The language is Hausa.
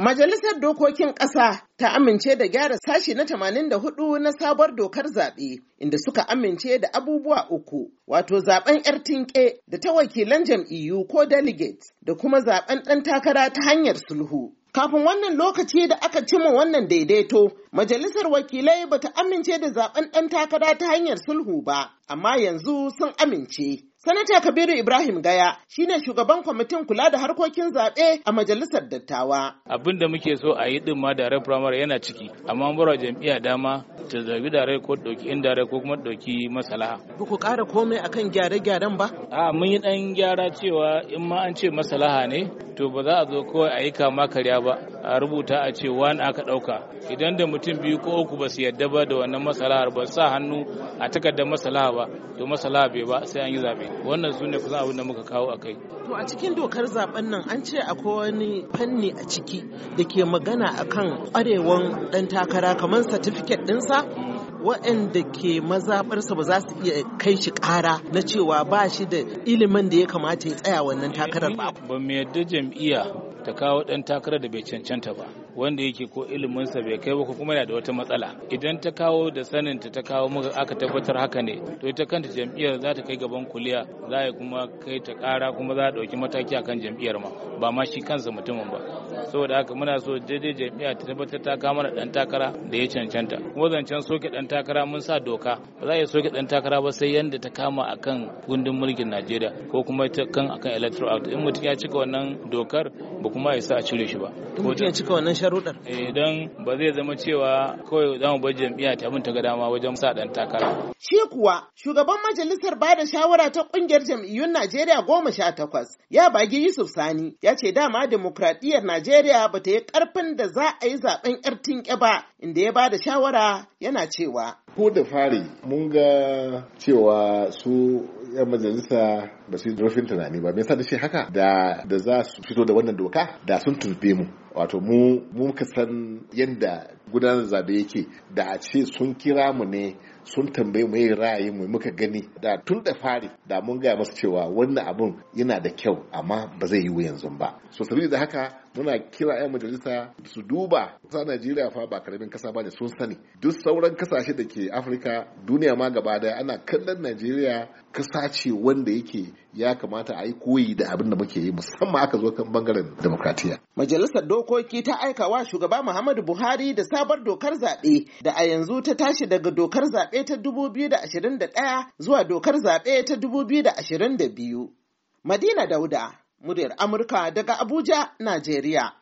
Majalisar Dokokin Ƙasa ta amince da gyara sashi na 84 na sabuwar dokar zaɓe inda suka amince da abubuwa uku wato zaben 'yar tinke da ta wakilan jam'iyyu ko delegate da kuma zaben ɗan takara ta hanyar sulhu. Kafin wannan lokaci da aka cima wannan daidaito, majalisar wakilai bata amince da zaben ɗan takara ta hanyar sulhu ba, amma yanzu sun amince. Sanata Kabiru Ibrahim Gaya shine shugaban kwamitin kula da harkokin zaɓe a majalisar dattawa. Abin da muke so a yi ɗin ma dare firamare yana ciki, amma mura jam'iyya dama ta zabi rai ko ɗauki in rai ko kuma ɗauki masalaha. Ba ku ƙara komai akan gyare-gyaren ba? A mun yi ɗan gyara cewa in ma an ce masalaha ne, to ba za a zo kawai a yi kama karya ba, a rubuta a ce wani aka ɗauka. idan da mutum biyu ko uku ba su yadda ba da wannan masalahar ba sa hannu a takardar masalaha ba to masalaha bai ba sai an yi zabe wannan su ne kusan abin da muka kawo a kai to a cikin dokar zaben nan an ce akwai wani fanni a ciki da ke magana akan kwarewan dan takara kamar certificate dinsa waɗanda ke mazaɓarsa ba za su iya kai shi ƙara na cewa ba shi da ilimin da ya kamata ya tsaya wannan takarar ba. Ba mu yadda jam'iyya ta kawo ɗan takarar da bai cancanta ba. wanda yake ko iliminsa bai kai ba ko kuma yana da wata matsala idan ta kawo da saninta ta kawo muka aka tabbatar haka ne to ita kanta jam'iyyar za ta kai gaban kuliya za a kuma kai ta kara kuma za a ɗauki mataki akan jam'iyyar ma ba ma shi kansa mutumin ba saboda haka muna so daidai jami'a ta tabbatar ta kama da ɗan takara da ya cancanta kuma zancen soke ɗan takara mun sa doka ba za a soke ɗan takara ba sai yanda ta kama akan gundun mulkin najeriya ko kuma ta kan akan electoral act in mutum ya cika wannan dokar ba kuma ya sa a cire shi ba mutum ya cika wannan sharuɗar. Idan eh, ba zai zama cewa kawai za mu bar jam'iyya ta mun ta ga dama wajen sa ɗan takara. Shi kuwa shugaban majalisar ba da shawara ta ƙungiyar jam'iyyun Najeriya goma sha takwas ya bagi Yusuf Sani ya ce dama demokradiyyar Najeriya ba ta yi ƙarfin da za a yi zaɓen yar tinƙe ba inda ya ba da shawara yana cewa. Ko da fari mun ga cewa su yan majalisa ba su yi zurfin tunani ba me yasa da shi haka da da za su fito da wannan doka da sun turbe mu wato mu mu san yadda gudanar zabe yake da a ce sun kira mu ne sun tambayi mu yi ra'ayin mu muka gani da tun da fari da mun gaya masu cewa wannan abun yana da kyau amma ba zai yiwu yanzu ba so da haka muna kira 'yan majalisa su duba ƙasa najeriya fa ba karamin kasa ba ne sun sani duk sauran kasashe da ke afirka duniya ma gaba daya ana kallon najeriya kasa ce wanda yake ya kamata a yi koyi da abin da muke yi musamman aka zo kan bangaren demokratiya majalisar dokoki ta aika wa shugaba muhammadu buhari da sabar dokar zaɓe da a yanzu ta tashi daga dokar zaɓe zaɓe ta 2021 zuwa dokar zaɓe ta 2022. Madina Dauda, muryar Amurka daga Abuja, Najeriya.